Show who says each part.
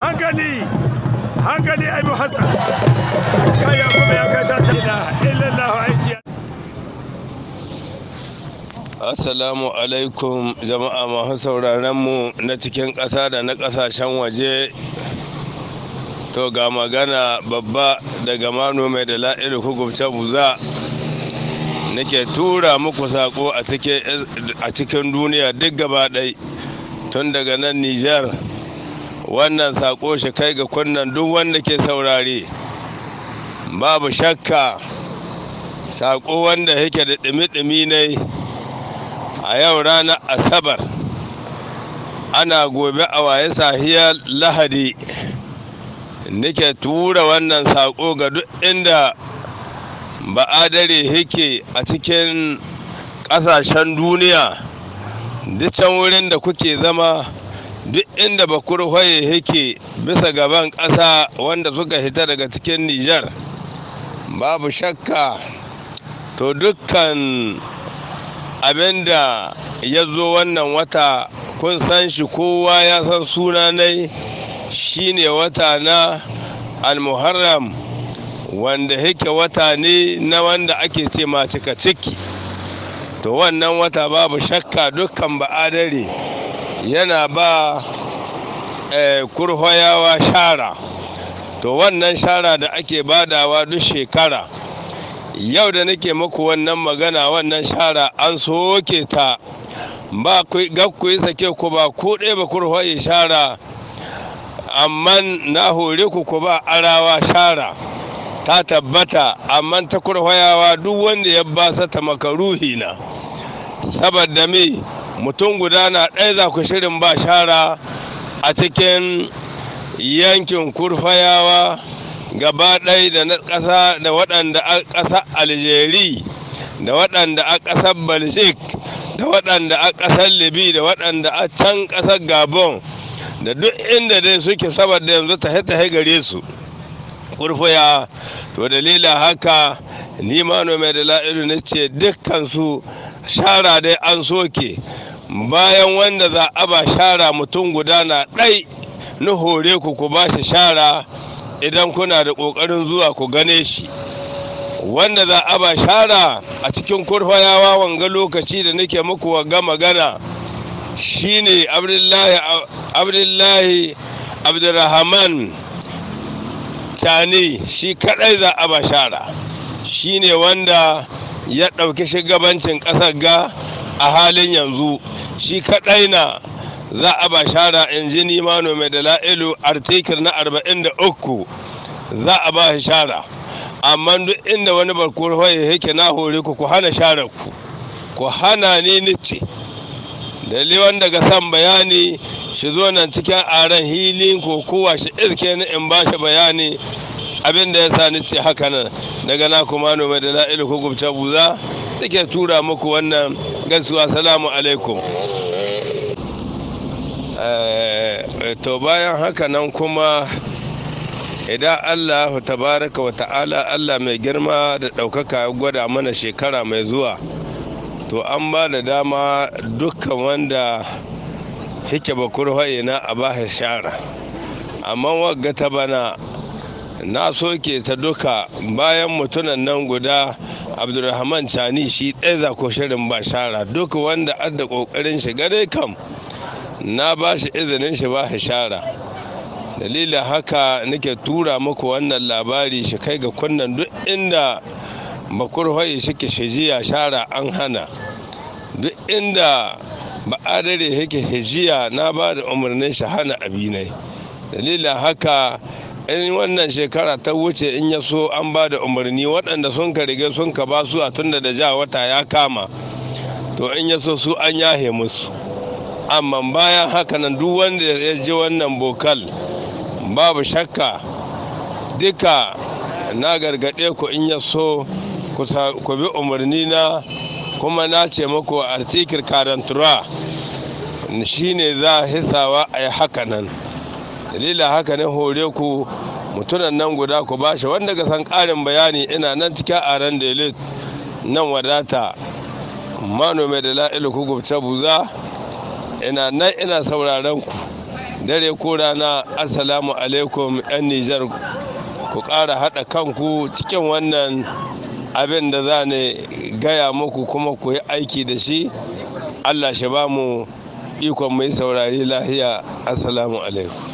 Speaker 1: hankali hankali abu hassan kaya kuma ya kai tashi ila illallahu aiki Assalamu alaikum jama'a masu sauraron mu na cikin ƙasa da na ƙasashen waje to ga magana babba daga mano mai da la'iru hukumce buza nake tura muku sako a cikin duniya duk gaba ɗai tun daga nan Nijar wannan sako shi kai ga kunnan duk wanda ke saurare babu shakka sako wanda yake da ɗumi-ɗumi ne a yau ranar asabar ana gobe a waye sahiya lahadi nake tura wannan sako ga duk inda ba'adare yake a cikin ƙasashen duniya duk can wurin da kuke zama duk inda bakur hoye yake bisa gaban ƙasa wanda suka hita daga cikin nijar babu shakka to dukkan abinda ya zo wannan wata kun san shi kowa ya san suna nai shine wata na almuharram wanda yake wata ne na wanda ake ce ma cika ciki to wannan wata babu shakka dukkan ba'adare yana ba eh, kurhoyawa shara to wannan shara da ake badawa duk shekara yau da nake muku wannan magana wannan shara an soke ta ba ku yi sake ku ba ku ɗaya ba kurhoyi shara amma na hore ku ku ba arawa shara ta tabbata amma ta kurhoyawa duk wanda ya basa ta makaruhi na saboda me mutum guda na ɗaya za ku shirin ba shara a cikin yankin kurfayawa gaba ɗaya da na ƙasa da waɗanda a ƙasa aljeri da waɗanda a ƙasar balshik da waɗanda a ƙasar libi da waɗanda a can ƙasar gabon da duk inda dai suke saboda yanzu ta tahe gare su ƙurfaya. to dalila haka ni ma mai da la'iru ne ce dukkan su shara dai an soke bayan wanda za a ba shara mutum guda na ɗai na hore ku ku ba shi shara idan kuna da ƙoƙarin zuwa ku gane shi wanda za a ba shara a cikin kurfayawa wanga lokaci da nake muku wanga magana shine abdullahi abdurrahman tani shi kadai za a ba shara shine wanda ya ɗauki shugabancin ƙasar ga a halin yanzu shi kaɗai na za a ba shara in ji nimano mai Lailu. artikir na 43 za a ba shi shara amma duk inda wani barkuwar hoye yake na hore ku ku hana shara ku ku hana ni nice dalilin wanda ga san bayani shi zo nan cikin aran hilin ko kowa shi irke ni in ba shi bayani abin da ya sa ni ce haka nan daga na kuma nome da la'ilu ko gubce buza nake tura muku wannan gaisuwa salamu alaikum eh, to bayan haka nan kuma idan allah tabaraka wa ta'ala allah mai girma da ɗaukaka ya gwada mana shekara mai zuwa to an ba da dama dukkan wanda hike bakur na a ba shara amma wagga ta bana na soke ta duka bayan mutunan nan guda abdulrahman cani shi ɗaya za ko shirin bashara duk wanda adda ƙoƙarin shi gare kam na ba shi izinin shi ba shara dalilin haka nake tura muku wannan labari shi kai ga kunnan duk inda bakur hoyi shi shijiya shara an hana duk inda ba adare yake hijiya na ba da umarnin shi hana abinai dalilin haka in wannan shekara ta wuce in ya so an ba da umarni waɗanda sun ka rige sun ka ba su a tunda da ja wata ya kama to in ya so su an yahe musu amma bayan haka nan duk wanda ya ji wannan bokal babu shakka duka na gargaɗe ku in ya so ku bi umarni na kuma na ce muku artikir karantura shine za a hisawa a yi haka nan dalila haka ne hore ku mutunan nan guda ku bashi wanda ga san ƙarin bayani ina nan cikin aran delit nan wadata manome da la'ilu ku gubce buza ina nan ina sauraron ku dare ko rana assalamu alaikum yan nijar ku ƙara haɗa kanku cikin wannan abin da za ne gaya muku kuma ku yi aiki da shi allah shi ba mu ikon mai saurari lahiya assalamu alaikum